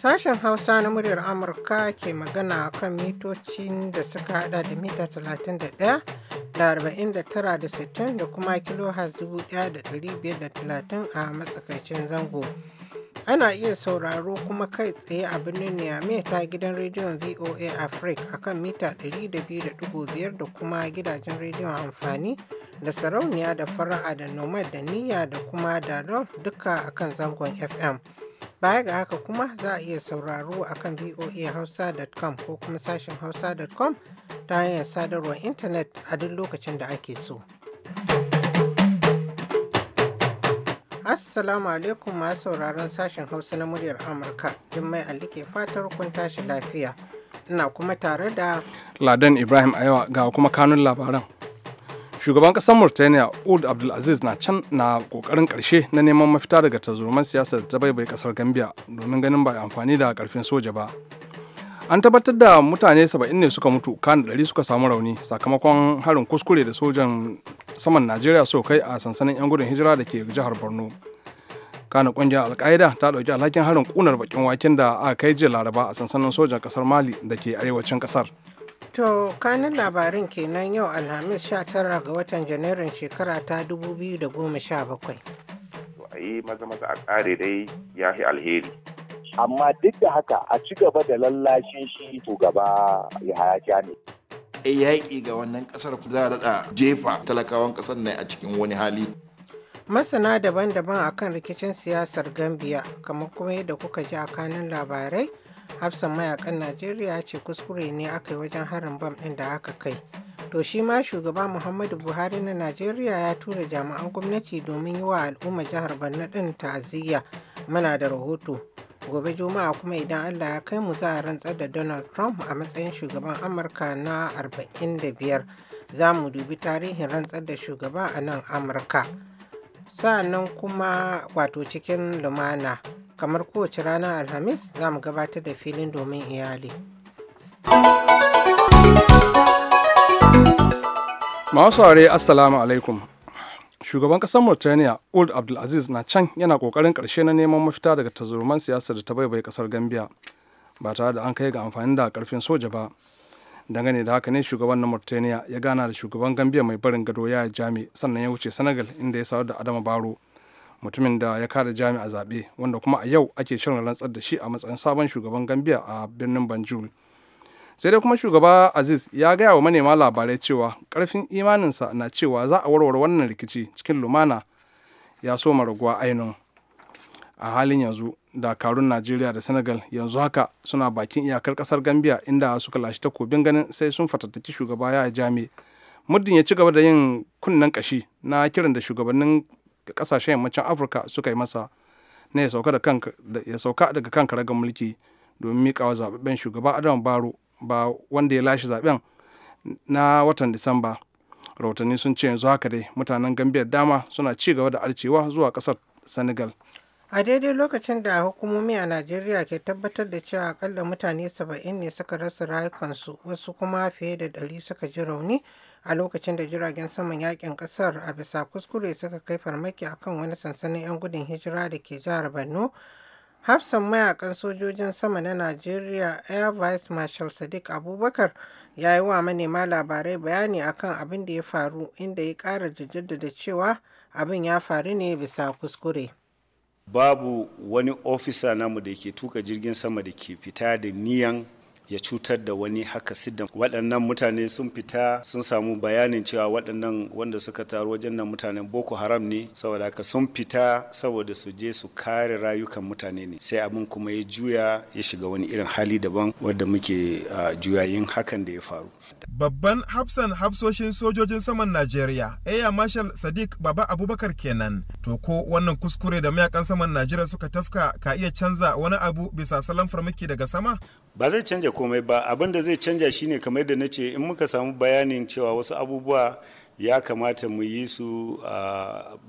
Sashen Hausa na muryar Amurka ke magana kan mitocin da suka hada da mita 31 da 49 da 60 da kuma kilohaz 1530 a matsakaicin zango. Ana iya sauraro kuma kai tsaye a birnin Niamey ta gidan rediyon VOA Africa a kan mita 200.5 da kuma gidajen rediyon amfani da sarauniya da fara'a da nomad da niyya da kuma da duka akan zangon FM. Baya ga haka kuma za a iya sauraro a kan voahausa.com ko kuma sashen hausa.com ta hanyar sadarwar intanet a duk lokacin da ake so. Assalamu alaikum masu sauraron sashen Hausa na muryar Amurka. Jummai Ali ke fatar kun tashi lafiya. Ina kuma tare da Ladan Ibrahim Ayawa. ga kuma kanun labaran. shugaban kasar murtaniya ud abdulaziz na can na kokarin karshe na neman mafita daga siyasa siyasar ta baibai kasar gambia domin ganin ba amfani da karfin soja ba an tabbatar da mutane 70 ne suka mutu kan 100 suka samu rauni sakamakon harin kuskure da sojan saman najeriya so kai a sansanin 'yan gudun hijira da ke jihar borno kana kungiyar alkaida ta dauki alhakin harin kunar bakin waken da aka kai jiya laraba a sansanin sojan kasar mali da ke arewacin kasar To kanin labarin kenan yau Alhamis 19 ga watan Janairun shekara ta 2017. A yi maza maza a ƙare dai ya fi alheri. Amma duk da haka a ci gaba da lallashin shi to gaba ya haya ne. E yaƙi ga wannan ƙasar za a daɗa jefa talakawan ƙasar ne a cikin wani hali. Masana daban-daban akan rikicin siyasar Gambia, kamar kuma yadda kuka ji a kanin labarai, hafsan mayakan najeriya ce kuskure ne aka yi wajen harin bam ɗin da aka kai to shi ma shugaba muhammadu buhari na najeriya ya tura jami'an gwamnati domin yi wa al'umma jihar borno ɗin ta'aziyya muna da rahoto gobe juma'a kuma idan allah ya kai mu za a rantsar da donald trump a matsayin shugaban amurka na arba'in 45 za mu dubi tarihin rantsar da shugaba a nan amurka sa'annan kuma wato cikin lumana kamar kowace ranar Alhamis za mu gabatar da filin domin iyali. Masu Assalamu alaikum. Shugaban kasar Mauritania Old Abdulaziz na can yana kokarin ƙarshe na neman mafita daga tazuruman siyasa da ta baibaye kasar Gambia ba tare da an kai ga amfani da karfin soja ba. Dangane da haka ne shugaban na Mauritania ya gana da shugaban Gambia mai barin gado ya jami sannan ya wuce Senegal inda ya sadu da Adama Baro. mutumin da ya kada jami'a zaɓe wanda kuma a yau ake shirin rantsar da shi a matsayin sabon shugaban gambia a birnin banjul sai dai kuma shugaba aziz ya gaya wa manema labarai cewa karfin imaninsa na cewa za a warware wannan rikici cikin lumana ya so raguwa ainun a halin yanzu dakarun najeriya da senegal yanzu haka suna bakin iyakar kasar gambia inda suka lashe takobin ganin sai sun fatattaki shugaba ya jami muddin ya ci gaba da yin kunnen kashi na kiran da shugabannin ga kasashen yammacin afirka suka yi masa na ya sauka daga kan karagar mulki domin mikawa zaɓaɓɓen shugaba adam baro ba wanda ya lashe zaɓen na watan disamba rahotanni sun ce yanzu haka dai mutanen gambiyar dama suna ci gaba da arcewa zuwa kasar senegal a daidai lokacin da hukumomi a najeriya ke tabbatar da cewa akalla mutane 70 ne suka rasa rayukansu wasu kuma fiye da 100 suka ji rauni a lokacin da jiragen saman yakin kasar a bisa kuskure suka kai farmaki akan wani sansanin 'yan gudun hijira da ke jihar borno hafsan mayakan sojojin sama na najeriya air vice marshal sadiq abubakar ya yi wa manema labarai bayani akan abin da ya faru inda ya kara jaddada cewa abin ya faru ne bisa kuskure babu wani ofisa namu da ke tuka jirgin sama da ke fita da niyan ya cutar da wani haka sidan waɗannan mutane sun fita sun samu bayanin cewa waɗannan wanda suka taru wajen nan mutanen boko haram ne saboda haka sun fita saboda su je su kare rayukan mutane ne sai abin kuma ya juya ya shiga wani irin hali daban wadda muke juyayin hakan da ya faru babban hafsan hafsoshin sojojin saman najeriya air marshal sadiq baba abubakar kenan to ko wannan kuskure da mayakan saman najeriya suka tafka ka iya canza wani abu bisa salon farmaki daga sama ba zai canja komai ba abin da zai canja shine kamar da na ce in muka samu bayanin cewa wasu abubuwa ya kamata mu yi su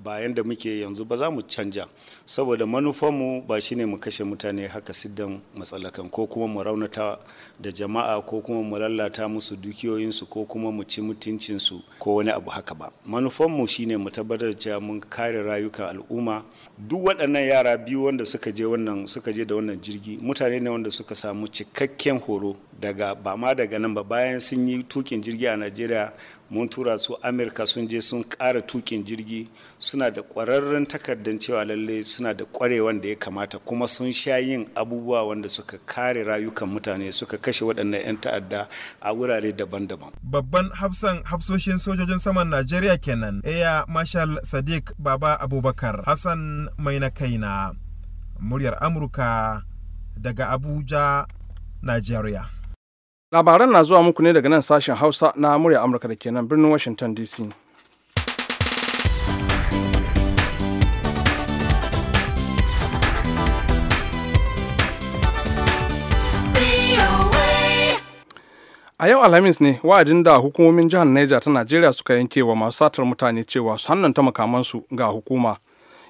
bayan da muke yanzu ba za mu canja saboda manufanmu ba shine mu kashe mutane haka siddan matsalakan ko kuma mu raunata da jama'a ko kuma mu lalata musu dukiyoyinsu ko kuma mu ci mutuncinsu ko wani abu haka ba manufanmu shine mu tabbatar cewa mun kare rayukan al'umma duk waɗannan yara biyu wanda suka je wannan suka je da wannan jirgi mutane ne wanda suka samu cikakken horo daga ba ma daga nan ba bayan sun yi tukin jirgi a najeriya mun tura su amurka sun je sun kara tukin jirgi suna da kwararren takardar cewa lalle suna da kware da ya kamata kuma sun sha yin abubuwa wanda suka kare rayukan mutane suka kashe waɗannan 'yan ta'adda a wurare daban-daban babban hafsan hafsoshin sojojin saman najeriya kenan eya marshal sadiq baba abubakar hassan mai na kaina muryar amurka daga abuja najeriya labaran na zuwa muku ne daga nan sashen hausa na murya amurka da ke nan birnin washington dc a yau alhamis ne wa'adin da hukumomin jihar niger ta najeriya suka yanke wa masu satar mutane cewa su hannunta makamansu ga hukuma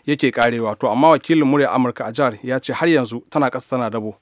yake karewa to amma wakilin murya amurka a jihar ya ce har yanzu tana kasa tana dabo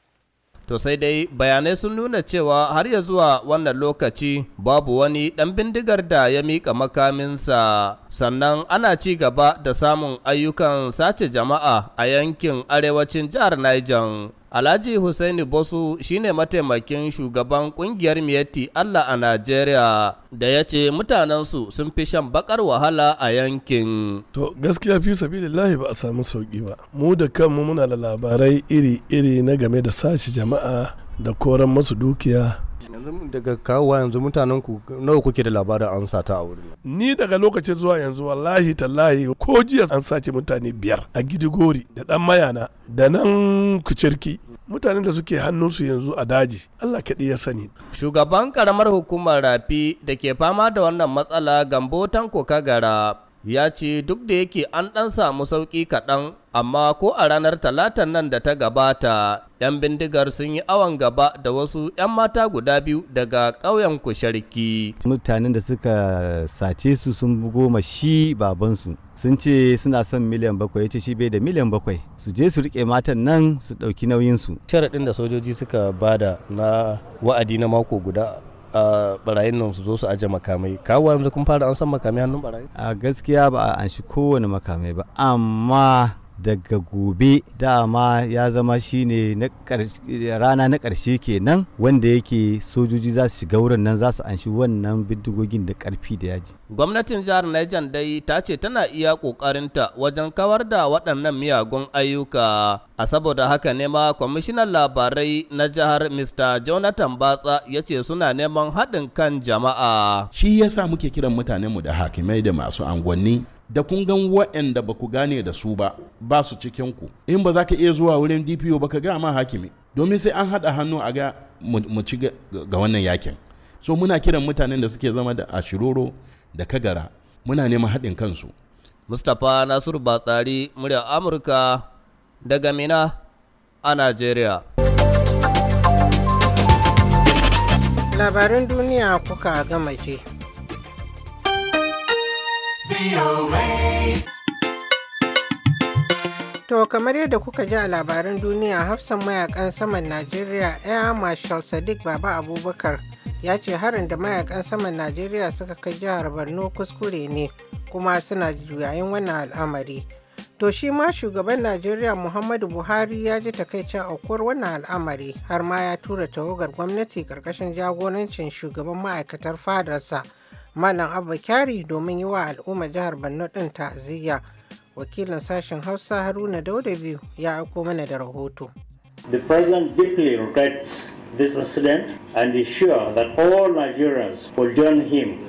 To sai dai bayanai sun nuna cewa har ya zuwa wannan lokaci babu wani ɗan bindigar da ya mika makaminsa sannan ana ci gaba da samun ayyukan sace jama'a a yankin arewacin jihar Niger. Alhaji Hussaini Bosu shine mataimakin shugaban kungiyar Miyatti Allah a Najeriya da ya ce mutanensu sun fi shan bakar wahala a yankin. To gaskiya fi sabilillahi ba a samu sauki ba. Mu da kanmu muna da labarai iri-iri na game da sace jama'a da koran masu dukiya yanzu daga kawowa yanzu mutanen ku nawa kuke da labarin an sata a wurin ni daga lokacin zuwa yanzu wallahi tallahi ko jiya an sace mutane biyar a gidigori da dan mayana da nan kucirki mutanen da suke hannunsu yanzu a daji Allah kaɗi ya sani shugaban karamar hukumar rafi da ke fama da wannan matsala gambo tanko kagara ya ce duk da yake an ɗan samu sauƙi kaɗan amma ko a ranar talatan nan da ta gabata 'yan bindigar sun yi awon gaba da wasu 'yan mata guda biyu daga ƙauyen kusharki mutanen da suka sace su sun goma shi babansu sun ce suna son miliyan bakwai shi bai da miliyan bakwai su je su rike matan nan su ɗauki nauyinsu sharaɗin da sojoji suka bada na wa'adi na mako guda barayin nan su zo su aje makamai kawo yanzu kun fara an san makamai hannun barayi a gaskiya ba a anshi kowane makamai ba amma daga gobe dama ya zama shine rana na ƙarshe kenan wanda yake sojoji za su shiga wurin nan za su anshi wannan bindigogin da ƙarfi da yaji. Gwamnatin jihar Niger dai ta ce tana iya ƙoƙarinta wajen kawar da waɗannan miyagun ayyuka. A saboda haka nema kwamishinan labarai na jihar Mr. Jonathan Batsa ya ce suna neman haɗin kan jama'a. Shi yasa muke kiran mutanenmu da hakimai da masu angwanni da kun gan waɗanda ba ku gane da su ba ba su cikin ku in ba za ka iya zuwa wurin dpo ba ka ga ma hakimi domin sai an haɗa hannu a ga mu ci ga wannan yakin so muna kiran mutanen da suke zama da ashiroro da kagara muna neman haɗin kansu mustapha nasiru batsari murya amurka daga mina a najeriya labarin duniya kuka gama je To kamar yadda kuka ji a labaran duniya hafsan mayakan saman Najeriya Air Marshal Sadiq Baba Abubakar ya ce harin da mayakan saman Najeriya suka kai jihar Borno kuskure ne kuma suna juyayin wannan al'amari. To shi ma shugaban Najeriya Muhammadu Buhari ya ji takaicin aukuwar wannan al'amari har ma ya tura tawagar gwamnati ƙarƙashin jagorancin shugaban ma'aikatar fadarsa Malam Abba Kyari domin yi wa al'umma jihar Borno ɗin ta'aziyya. Wakilin sashen Hausa Haruna Dauda biyu ya aiko mana da rahoto. The president deeply regrets this incident and is sure that all Nigerians will join him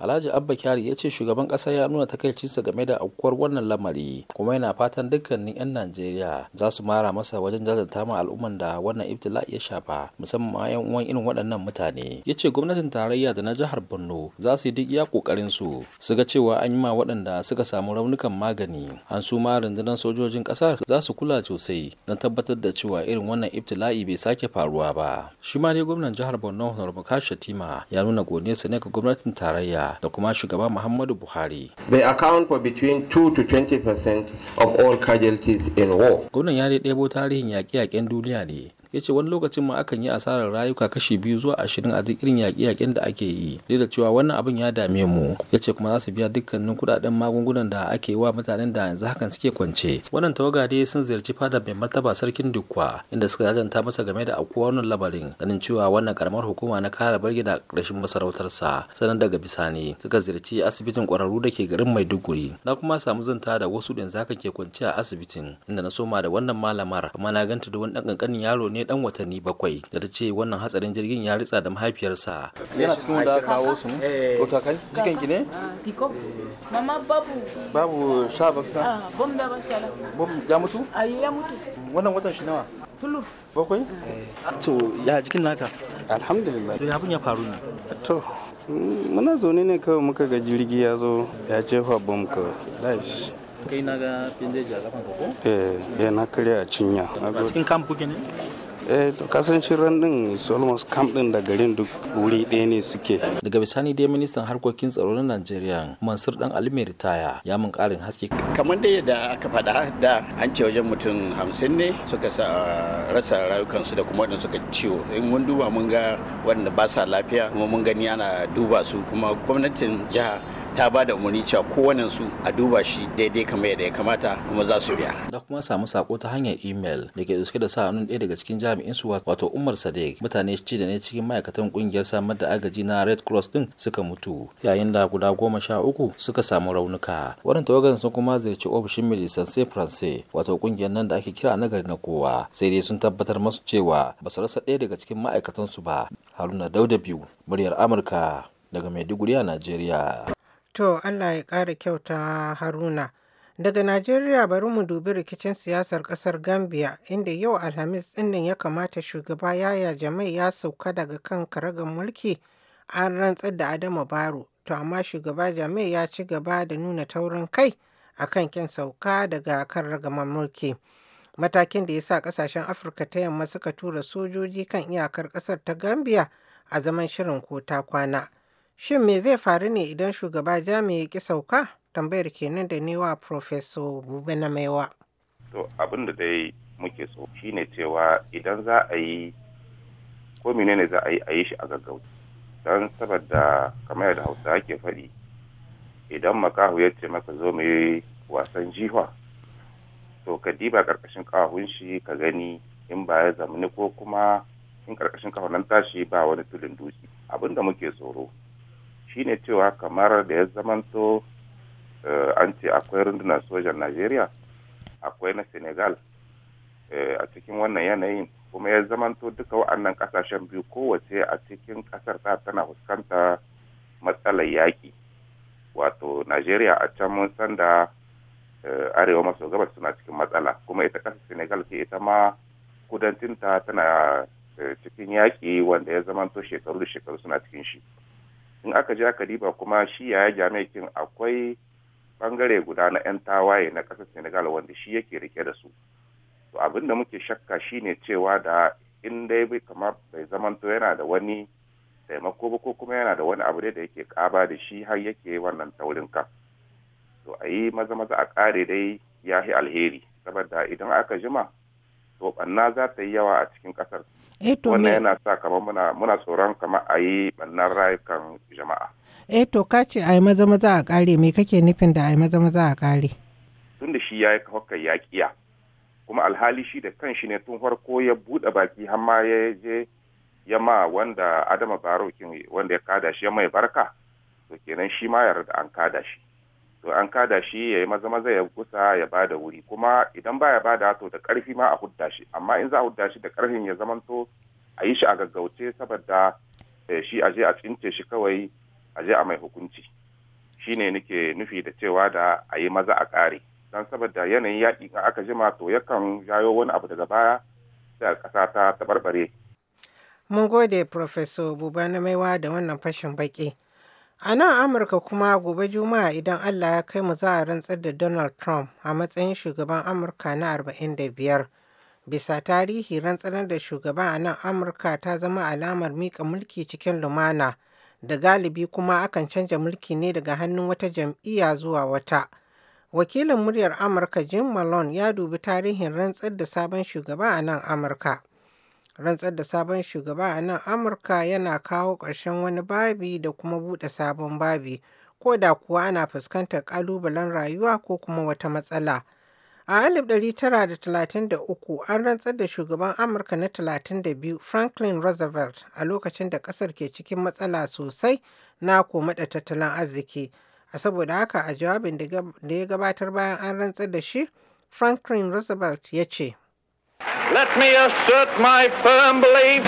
Alhaji Abba Kyari ya ce shugaban ƙasa ya nuna takaicinsa game da aukuwar wannan lamari kuma yana fatan dukkanin 'yan Najeriya za su mara masa wajen jajanta ma al'umman da wannan ibtila ya shafa musamman ma 'yan uwan irin waɗannan mutane. Ya ce gwamnatin tarayya da na jihar Borno za su yi duk iya ƙoƙarin su su ga cewa an yi ma waɗanda suka samu raunukan magani an su ma rundunar sojojin ƙasar za su kula sosai don tabbatar da cewa irin wannan ibtila'i bai sake faruwa ba. Shi ma ne gwamnan jihar Borno Honorable Kashatima ya nuna godiyarsa ne ga gwamnatin tarayya da kuma shugaba Muhammadu Buhari. They account for between 2 to 20% of all casualties in war. Gwamnan ya ɗebo tarihin yaƙe-yaƙen duniya ne ya ce wani lokacin ma akan yi asarar rayuka kashi biyu zuwa ashirin a duk irin yaƙe-yaƙen da ake yi duk da cewa wannan abin ya dame mu ya ce kuma za su biya dukkanin kuɗaɗen magungunan da ake wa mutanen da yanzu hakan suke kwance wannan tawaga dai sun ziyarci fada mai martaba sarkin dukwa inda suka jajanta masa game da akuwa wannan labarin ganin cewa wannan karamar hukuma na kare barge da rashin sa. sanan daga bisani suka ziyarci asibitin ƙwararru da ke garin maiduguri na kuma samu zanta da wasu da yanzu hakan ke kwance a asibitin inda na soma da wannan malamar amma na ganta da wani ɗan ƙanƙanin yaro ne ne dan watanni bakwai da ta ce wannan hatsarin jirgin ya ritsa da mahaifiyarsa yana cikin wanda aka kawo su eh. o kakan cikin ki ne tiko ah, mama babu babu sha bakka ah, bom da bashala bom ya mutu ayi ya mutu wannan watan shi nawa tulu bakwai eh. to ya jikin naka alhamdulillah to ya bun ya faru ne to mm, muna zaune ne kawai muka ga jirgi ya zo ya jefa bom kawai daish kai na ga pindeji a kafan ko eh eh na karya a cinya a cikin kampu ne Eh, to kasancin ran din almost camp din da garin duk wuri ɗaya ne suke daga bisani dai ministan harkokin tsaro na Najeriya Mansur dan Ali mai ritaya ya mun karin haske kamar dai yadda aka faɗa da an ce wajen mutum hamsin ne suka sa rasa rayukansu da kuma waɗanda suka ciwo in mun duba mun ga waɗanda ba sa lafiya kuma mun gani ana duba su kuma gwamnatin jiha ta ba da umarni cewa kowane su a duba shi daidai kamar yadda ya kamata kuma za su biya. Da kuma samu sako ta hanyar email da ke da sa hannun ɗaya daga cikin jami'in su wato Umar Sadiq mutane shi da ne cikin ma'aikatan kungiyar samar da agaji na Red Cross din suka mutu yayin da guda goma sha uku suka samu raunuka. Wannan tawagar sun kuma ziyarci ofishin Milisan Sai France wato kungiyar nan da ake kira na gari na kowa sai dai sun tabbatar masu cewa ba su rasa ɗaya daga cikin ma'aikatan su ba. Haruna Dauda biyu muryar Amurka daga Maiduguri a Najeriya. To Allah ya ƙara kyauta Haruna. Daga Najeriya bari mu dubi rikicin siyasar ƙasar Gambia inda yau Alhamis ɗinnan ya kamata shugaba Yaya Jamai ya sauka daga kan karagar mulki an rantsar da Adamu Baro. To amma shugaba Jamai ya ci gaba da nuna taurin kai a kan kin sauka daga kan ragamar mulki. Matakin da ya sa ƙasashen Afirka ta yamma suka tura sojoji kan iyakar ƙasar ta Gambia a zaman shirin ko ta kwana. Shin me zai faru ne idan shugaba Jami ya ƙi sauka? Tambayar kenan da ne wa Profeso Bube na Maiwa. To abin da dai muke so ne cewa idan za a yi ko menene za a yi a yi shi a gaggauta. Don saboda kamar yadda Hausa ake faɗi idan makahu ya ce maka zo mu yi wasan jiha to ka diba karkashin kahun shi ka gani in ba ya zamani ko kuma in karkashin kahun nan tashi ba wani tulin dutse abin da muke tsoro shine cewa kamar da ya zamanto eh, an ce akwai rundunar sojan najeriya akwai na senegal eh, a cikin wannan yanayin kuma ya zamanto duka wa'annan kasashen biyu kowace a cikin kasar ta tana fuskanta matsalar yaƙi wato najeriya a can mun san da eh, arewa maso gabas suna cikin matsala kuma ita kasar senegal ke ita ma kudancinta tana cikin yaƙi wanda ya zamanto shekaru da shekaru suna cikin shi in aka je aka riba kuma shi yaya jami'in akwai bangare guda na 'yan tawaye na ƙasar senegal wanda shi yake rike da su to abin da muke shakka shi ne cewa da in dai bai kama bai zamanto yana da wani taimako ba ko kuma yana da wani abu da yake ƙaba da shi har yake wannan taurin ka to a yi maza maza a ƙare dai ya fi alheri saboda idan aka jima to banna za ta yi yawa a cikin kasar eh, wannan yana sa kamar muna tsoron kama a yi bannan rayukan jama'a eh to ka ce a yi maza maza a kare me kake nufin da a yi maza maza a kare tun da shi ya yi haka ya kiya kuma alhali shi da kan shi ne tun farko ya buɗe baki har ma ya je ya ma wanda adama barokin wanda ya kada shi ya mai barka to kenan shi ma yarda an kada shi to an kada shi ya yi maza maza ya kusa ya ba da wuri kuma idan baya ba da to da karfi ma a hudda shi amma in za a hudda shi da karfin ya zamanto a yi shi a gaggauce saboda eh, shi a je a tsince shi kawai a je a mai hukunci shi ne nake nufi da cewa da a yi maza a kare don saboda yanayin yaƙi in aka jima to yakan jayo wani abu daga baya sai ƙasa ta tabarbare. Mun gode Professor Buba na maiwa da wannan fashin baƙi. A nan Amurka kuma gobe Juma'a idan Allah ya kai mu za a rantsar da Donald Trump a matsayin shugaban Amurka na 45. Bisa tarihi rantsar da shugaba a nan Amurka ta zama alamar miƙa mulki cikin lumana da galibi kuma akan canja mulki ne daga hannun wata jam'iyya zuwa wata. Wakilin muryar Amurka Jim Malone ya dubi tarihin rantsar da sabon shugaba a nan Amurka. rantsar da sabon shugaba a nan amurka yana kawo ƙarshen wani babi da kuma buɗe sabon babi ko da kuwa ana fuskantar ƙalubalen rayuwa ko kuma wata matsala a 1933 an rantsar da shugaban amurka na 32 franklin roosevelt a lokacin da ƙasar ke cikin matsala sosai na koma da tattalin arziki a saboda haka a jawabin da ya gabatar bayan an rantsar da shi franklin roosevelt ya ce Let me assert my firm belief.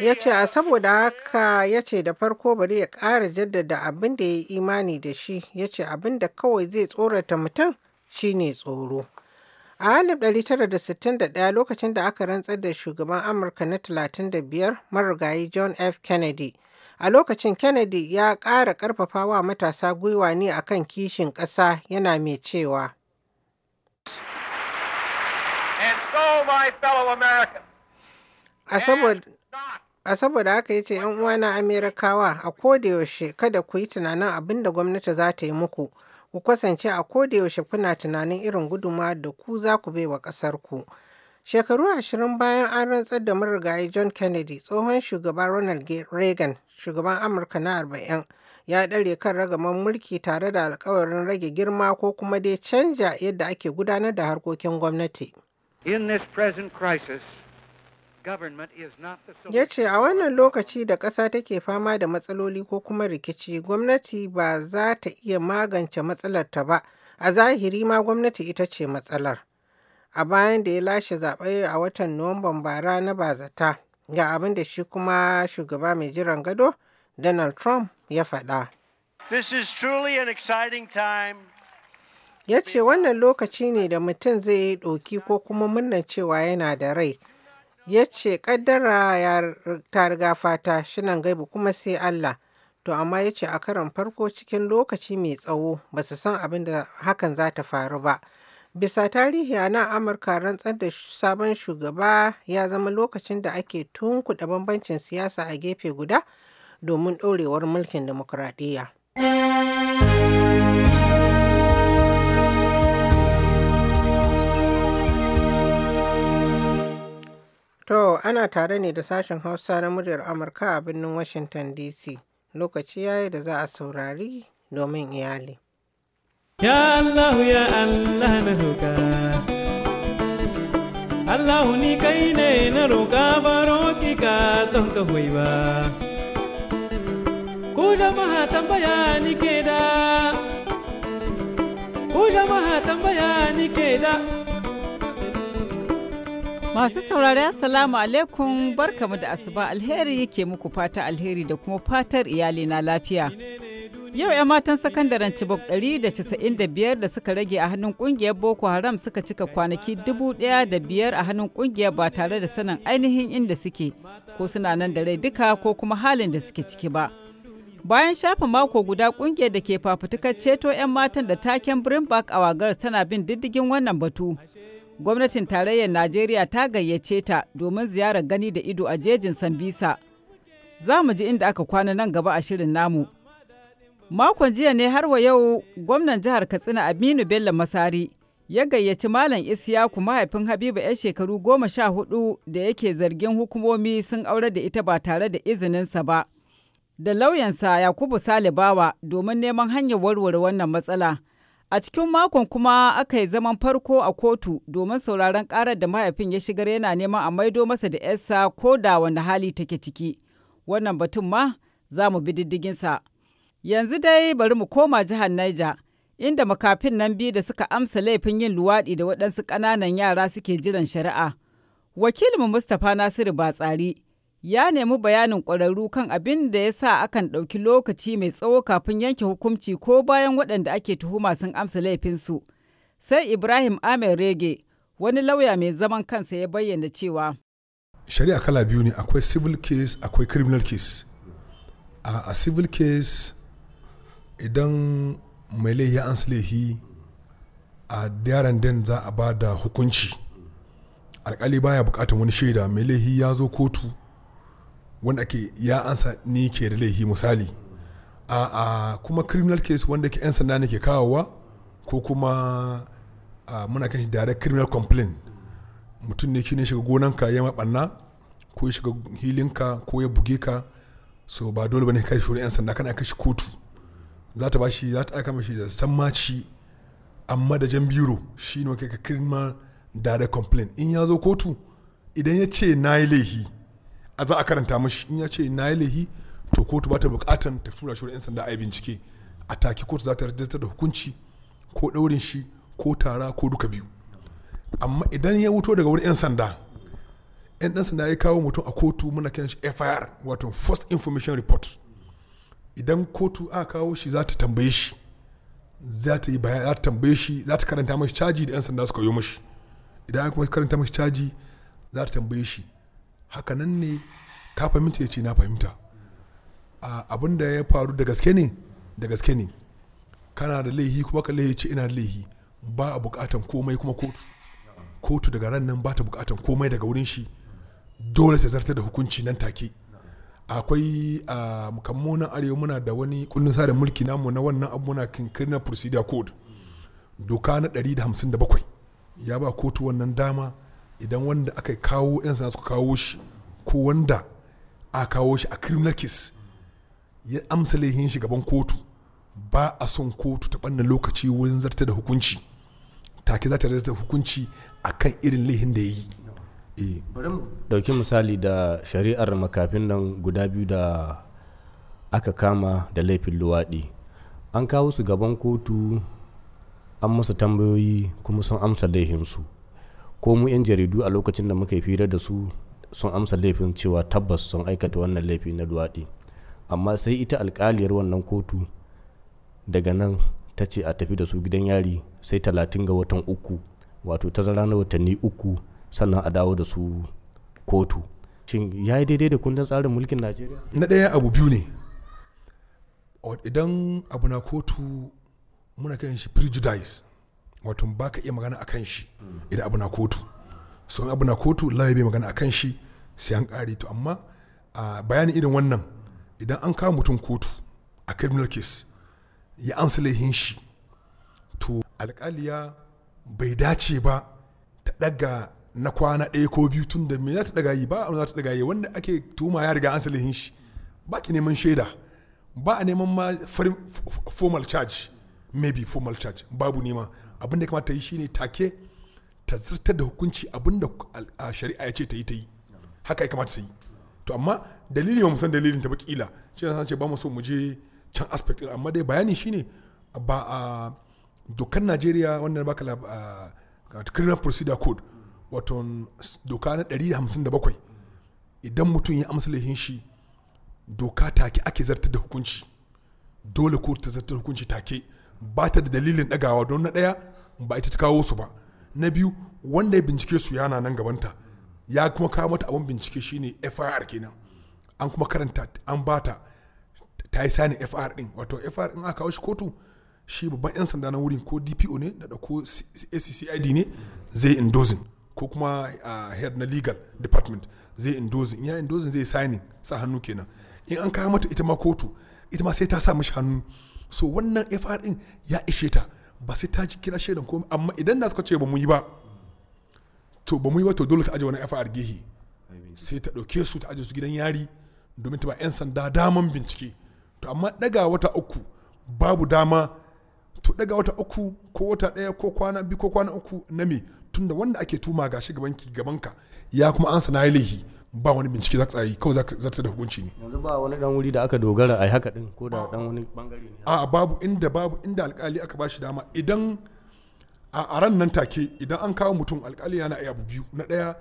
Ya ce a saboda haka ya ce da farko bari ya ƙara jaddada abin da ya yi imani da shi ya ce abin da kawai zai tsorata mutum shine tsoro. A 1961 lokacin da aka rantsar da shugaban Amurka na 35 marigayi John F. Kennedy. A lokacin Kennedy ya ƙara ƙarfafa wa matasa gwiwa ne akan kishin ƙasa yana mai cewa. Oh, a saboda haka ya ce ‘yan uwana Amerikawa a kodayaushe kada ku yi tunanin abin da gwamnati za ta yi muku, ku kasance a kodayaushe kuna tunanin irin guduma da ku za ku bai wa ƙasarku. Shekaru ashirin bayan an rantsar da marigayi John Kennedy, tsohon shugaban Ronald Reagan, shugaban Amurka na arba'in, ya ɗare kan ragaman mulki tare da alkawarin rage girma ko kuma dai canja yadda ake gudanar da harkokin gwamnati. Ya ce a wannan lokaci da ƙasa take fama da matsaloli ko kuma rikici, gwamnati ba za ta iya magance matsalar ta ba, a zahiri ma gwamnati ita ce matsalar. A bayan da ya lashe zaɓe a watan Nuwamban bara na bazata, ga abin da shi kuma shugaba mai jiran gado, Donald Trump ya faɗa. This is truly time ya ce wannan lokaci ne da mutum zai yi ɗoki ko kuma murnar cewa yana da rai ya ce ƙaddara ta riga fata shinan gaibu kuma sai Allah to amma ya ce a karon farko cikin lokaci mai tsawo ba su san abin da hakan za ta faru ba bisa tarihi a nan amurka rantsar da sabon shugaba ya zama lokacin da ake tunkuɗa bambancin siyasa a gefe guda domin ɗorewar mulkin demokuraɗiyya. To, ana tare ne da sashen Hausa na muryar Amurka a birnin Washington DC. Lokaci yayi da za a saurari domin iyali. Ya Allah ya Allah na roƙa. Allah ni kai ne na roƙa ba roƙi ka don ka ba. Ku jama'a tambaya ni ke da. Ku jama'a tambaya ni ke da. Masu saurari Assalamu alaikum barkamu da asuba alheri ke muku fata alheri da kuma fatar iyali na lafiya. Yau 'yan matan sakandaren Cibok 195 da suka rage a hannun kungiyar Boko Haram suka cika kwanaki biyar a hannun kungiyar ba tare da sanin ainihin inda suke ko suna nan da rai duka ko kuma halin da suke ciki ba. Bayan shafa mako guda kungiyar da ke fafutukar ceto 'yan matan da taken Brimbak a wagar tana bin diddigin wannan batu. gwamnatin tarayyar najeriya ta gayyace ta domin ziyarar gani da ido a jejin sambisa za mu ji inda aka kwana nan gaba a shirin namu makon jiya ne har wa yau gwamnan jihar katsina aminu bello masari ya gayyaci malam isiyaku mahaifin habiba 'yan shekaru goma sha hudu da yake zargin hukumomi sun aure da ita ba tare da izininsa ba da lauyansa yakubu salibawa domin neman hanyar warware wannan matsala A cikin makon kuma aka yi zaman farko a kotu domin sauraron karar da mahaifin ya shigar yana neman a maido masa da ‘yarsa ko da wani hali take ciki. Wannan batun ma za mu bi diddiginsa. Yanzu dai bari mu koma jihar Niger, inda makafin nan biyu da suka amsa laifin yin luwaɗi da waɗansu ƙananan yara suke jiran shari'a. Wakilinmu Mustapha Nasiru ba tsari ya nemi bayanin ƙwararru kan abin da ya sa akan ɗauki lokaci mai tsawo kafin yanke hukunci ko bayan waɗanda ake tuhuma sun amsa laifinsu. Sai Ibrahim Ahmed Rege, wani lauya mai zaman kansa ya bayyana cewa. Shari'a kala biyu ne akwai civil case akwai criminal case. A, civil case idan mai laihi ya ansa laihi a yaran den za a ba da hukunci. Alƙali baya buƙatar wani shaida mai laihi ya zo kotu. wanda ake ya ansa ni ke da laifi misali a kuma criminal case wanda ke 'yan sanda ne ke kawowa ko kuma muna kan shi direct criminal complaint mutum ne ne shiga gonanka ya maɓanna ko ya shiga hilinka ko ya buge ka so ba dole bane kai shi 'yan sanda kana kashi kotu za ta bashi za ta aika mashi da sammaci amma da jan biro shi ne ka criminal direct complaint in ya zo kotu idan ya ce na yi laifi a za a karanta mashi in ya ce na yi lahi to kotu ba ta bukatan ta tura shi 'yan sanda a yi bincike a take kotu za ta rajistar da hukunci ko ɗaurin shi ko tara ko duka biyu amma idan ya wuto daga wurin 'yan sanda 'yan ɗan sanda ya kawo mutum a kotu muna kiran shi fir wato first information report idan kotu a kawo shi za ta tambaye shi za ta yi bayan za ta tambaye shi za ta karanta mashi caji da 'yan sanda suka yi mashi idan ya kuma karanta mashi caji za ta tambaye shi hakanan ne ka fahimta ya ce na fahimta abin da ya faru da gaske ne da gaske ne kana da laihi kuma ka laihi ce ina da laihi ba a bukatan komai kuma kotu kotu daga ran nan ba ta bukatan komai daga wurin shi dole ta zartar da hukunci nan take akwai a kammunan arewa muna da wani kundin sada mulki namu na wannan abu muna na procedure code doka na 157 ya ba kotu wannan dama idan wanda aka kawo 'yan sanda suka kawo shi ko wanda a kawo shi a criminal case ya amsa laihin shi gaban kotu ba a son kotu ta ɓanna lokaci wurin zarta da hukunci take za ta zarta hukunci a kan irin laihin da ya yi dauki eh. misali da shari'ar makafin nan guda biyu da aka kama da laifin luwaɗi an kawo su gaban kotu an masa tambayoyi kuma sun amsa laihinsu ko mu 'yan jaridu a lokacin da muka yi fira da su sun amsa laifin cewa tabbas sun aikata wannan laifi na duwaɗi amma sai ita alkaliyar wannan kotu daga nan ta ce a tafi da su gidan yari sai talatin ga watan uku wato zara na watanni uku sannan a dawo da su kotu shin ya yi daidai da kundin tsarin mulkin najeriya na ɗaya abu biyu ne idan abu na kotu muna kan shi prejudice wato ba ka iya magana a kan shi idan abu na kotu so abu na kotu lai bai magana kan shi sai an kare to amma bayanin irin wannan idan an kawo mutum kotu a criminal case ya ansa laihin shi to alkaliya bai dace ba ta daga na kwana ɗaya ko biyu tun da me za ta daga yi ba za ta daga yi wanda ake tuma ya riga ansa laihin shi ba ki neman shaida ba a neman ma formal charge maybe formal charge babu nima abin da kamata ta yi shine take ta zartar da hukunci abin da shari'a ya ce ta yi ta yi haka ya kamata ta yi to amma dalili ba musan dalilin ta ba kila shi na ce ba mu so mu je can aspect amma dai bayani shine ba a dokar Najeriya wannan baka la criminal procedure code wato doka na 157 idan mutum ya amsa laifin shi doka take ake zartar da hukunci dole ko ta zartar hukunci take ba ta da dalilin ɗagawa don na ɗaya ba ita ta kawo su ba na biyu wanda ya bincike su yana nan gabanta ya kuma kawo mata abin bincike shine FIR kenan an kuma karanta an ba ta ta yi sani FIR din wato FIR din aka kawo shi kotu shi babban yan sanda na wurin ko DPO ne da ko ACCID ne zai endozing ko kuma head na legal department zai endozing ya endozing zai signing sa hannu kenan in an kawo mata ita ma kotu ita ma sai ta sa mishi hannu so wannan fr din ya ishe ta ba sai ta ji kira shaidan komai amma idan na suka ce ba mu yi ba to ba mu yi ba to dole ta aje wani fr gehe sai ta ɗauke su ta aje su gidan yari domin ta ba 'yan sanda daman bincike to amma daga wata uku babu dama to daga wata uku ko wata ɗaya ko kwana biyu ko kwana uku na me tunda wanda ake tuma gashi gaban ki gaban ka ya kuma ansa na laihi ba wani bincike za ka kawai za ta zartar da hukunci ne yanzu ba wani dan wuri da aka dogara a haka din ko da dan wani bangare ne a babu inda babu inda alkali aka bashi dama idan a ran nan take idan an kawo mutum alkali yana iya biyu na daya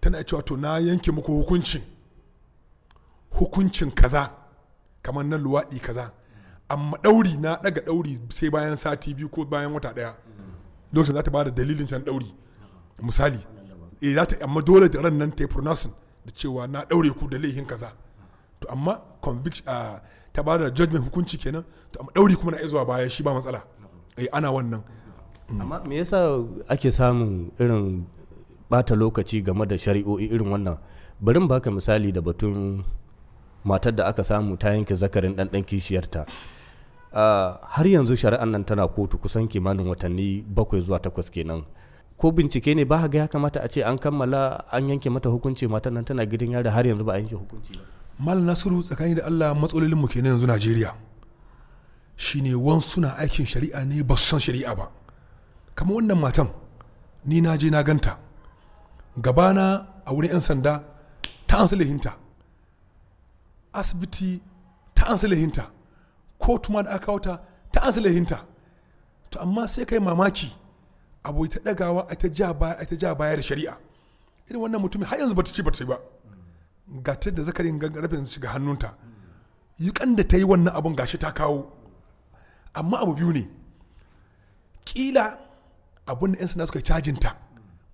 tana cewa to na yanke muku hukuncin hukuncin kaza kamar na luwaɗi kaza amma ɗauri na ɗaga ɗauri sai bayan sati biyu ko bayan wata ɗaya lokacin za ta ba da dalilin ta ɗauri misali eh za ta amma dole da ran nan ta yi pronouncing da cewa na ɗaure ku da laifin kaza to amma conviction a ta ba da judgment hukunci kenan to amma ɗaure kuma na iya zuwa baya shi ba matsala eh ana wannan mm. amma me yasa ake samun irin bata lokaci game da shari'o'i irin wannan bari baka misali da batun matar da aka samu ta yanke zakarin ɗanɗan kishiyarta har yanzu shari'an nan tana kotu kusan kimanin watanni bakwai zuwa takwas kenan ko bincike ne ba ga ya kamata a ce an kammala an yanke mata hukunci matan nan tana gidan yara har yanzu ba a yanke hukunci ba malam nasiru tsakani da allah matsalolin mu kenan yanzu najeriya shine wan suna aikin shari'a ne ba su san shari'a ba kamar wannan matan ni na je na ganta gabana a wurin 'yan sanda ta ansa lahinta asibiti ta ansa lahinta kotu ma da aka wata ta ansa lahinta to amma sai kai mamaki abu ta dagawa a ta ja baya da shari'a irin wannan mutumin har yanzu bata ci bata ba ga ta da zakarin rafin shiga hannunta yi kan da ta yi wannan abun gashi ta kawo amma abu biyu ne kila abun da 'yan na suka cajinta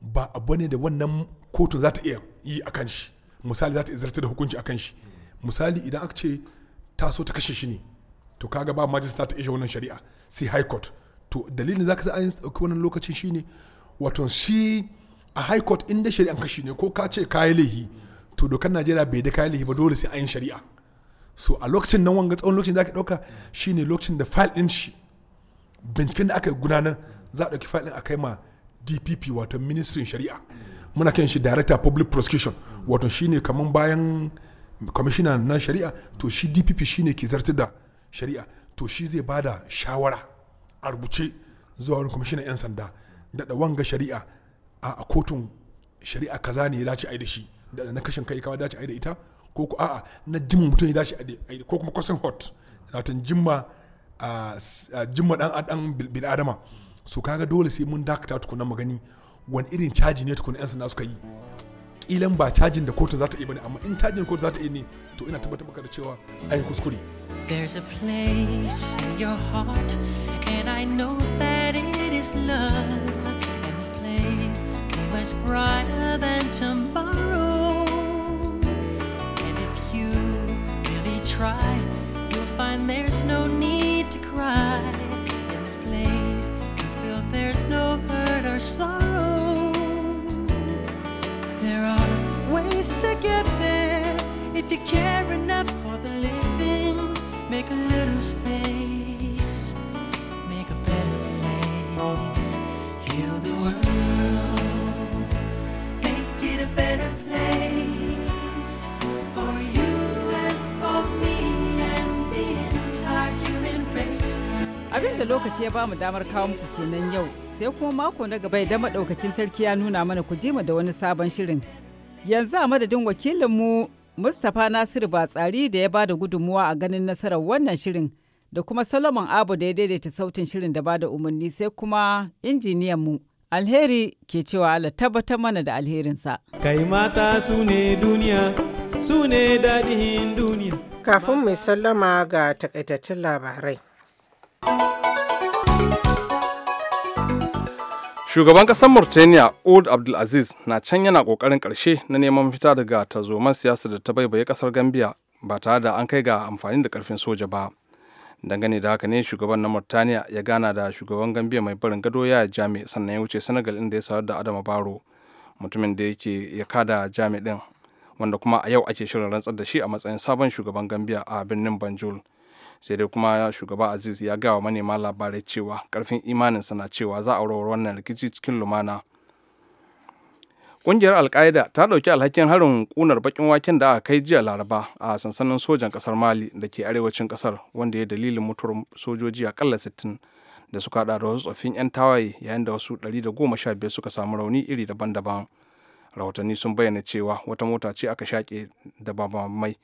ba abu ne da wannan kotun za ta iya yi a kan shi misali za ta zartar da hukunci a kan shi misali idan aka ce ta so ta kashe shi ne to kaga ba majista ta ishe wannan shari'a sai high court to dalilin za sa an ɗauki wannan lokacin shine wato shi a high court in da shari'an kashi ne ko ka ce kayi laihi to dokar najeriya bai da kayi laihi ba dole sai an yi shari'a so a lokacin nan wanga tsawon lokacin da aka ɗauka shine lokacin da fayil ɗin shi binciken da aka gudanar za a ɗauki fayil ɗin a kai ma dpp wato ministrin shari'a muna kiran shi director public prosecution wato shine kamar bayan Commissioner na shari'a to shi dpp shine ke zartar da shari'a to shi zai bada shawara a rubuce zuwa wani kwamishinan 'yan sanda daɗa wanga shari'a a kotun shari'a kaza ne ya dace a da shi da na kashin kai kama dace a da ita ko ku a'a na jimin mutum ya dace a yi ko kuma kwasan hot watan jimma jimma dan dan bil adama su kaga dole sai mun dakata tukunan magani wani irin caji ne tukunan 'yan sanda suka yi kilan ba da za ta yi bane amma in za ta yi ne to ina tabbatar maka da cewa an yi kuskure There's a place in your heart and I know that it is love and this place be much brighter than tomorrow and if you really try you'll find there's no need to cry in this place you feel there's no hurt or sorrow ways to get there. If you care enough for the living, make a little space, make a better place. Heal the world, make it a better place for you and for me and the entire human race. Abin da lokaci ya bamu damar kawo muku kenan yau. sai kuma mako na gaba idan madaukakin sarki ya nuna mana ku jima da wani sabon shirin Yanzu a madadin wakilinmu Mustapha Nasiru Batsari da ya bada gudunmuwa a ganin nasarar wannan shirin da kuma Solomon Abu da ya daidaita sautin shirin da bada umarni sai kuma injiniyanmu alheri ke cewa Allah tabbatar mana da alherinsa. Kai mata su ne duniya, su ne daɗin duniya. Kafin mai sallama ga takaitattun labarai. shugaban kasar mauritania old abdulaziz na can yana kokarin karshe na neman fita daga tazoman siyasa da ta baibaye kasar gambia ba tare da an kai ga amfani da karfin soja ba dangane da haka ne shugaban na mauritania ya gana da shugaban gambia mai barin gado ya jami sannan ya wuce senegal inda ya sayar da adama baro mutumin da yake ya kada jami din wanda kuma a yau ake shirin rantsar da shi a matsayin sabon shugaban gambia a birnin banjul sai dai kuma shugaba aziz ya gaya wa manema labarai cewa karfin imaninsa na cewa za a warware wannan rikici cikin lumana kungiyar alka'ida ta dauki alhakin harin kunar bakin waken da aka kai jiya Laraba a sansanin sojan kasar Mali da ke arewacin kasar wanda ya dalilin mutuwar sojoji akalla 60 da suka hada da wasu tsoffin 'yan tawaye yayin da wasu 115 suka samu rauni iri daban-daban. Rahotanni sun bayyana cewa wata mota ce aka shaƙe da babamai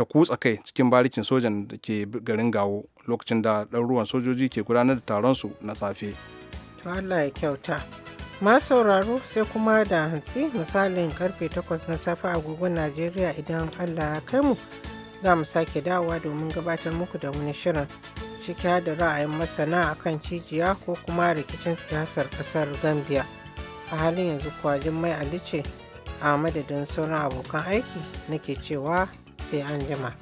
ta kutsa kai cikin barikin sojan da ke garin gawo lokacin da ɗaruruwan sojoji ke gudanar da taron su na safe. to Allah ya kyauta. Ma sauraro sai kuma da hantsi misalin karfe 8 na safe a agogon Najeriya idan Allah ya kai mu za mu sake dawowa domin gabatar muku da wani shirin ciki da ra'ayin masana akan cijiya ko kuma rikicin siyasar kasar Gambia. A halin yanzu kuwa mai Ali ce a madadin sauran abokan aiki nake cewa 以按下嘛。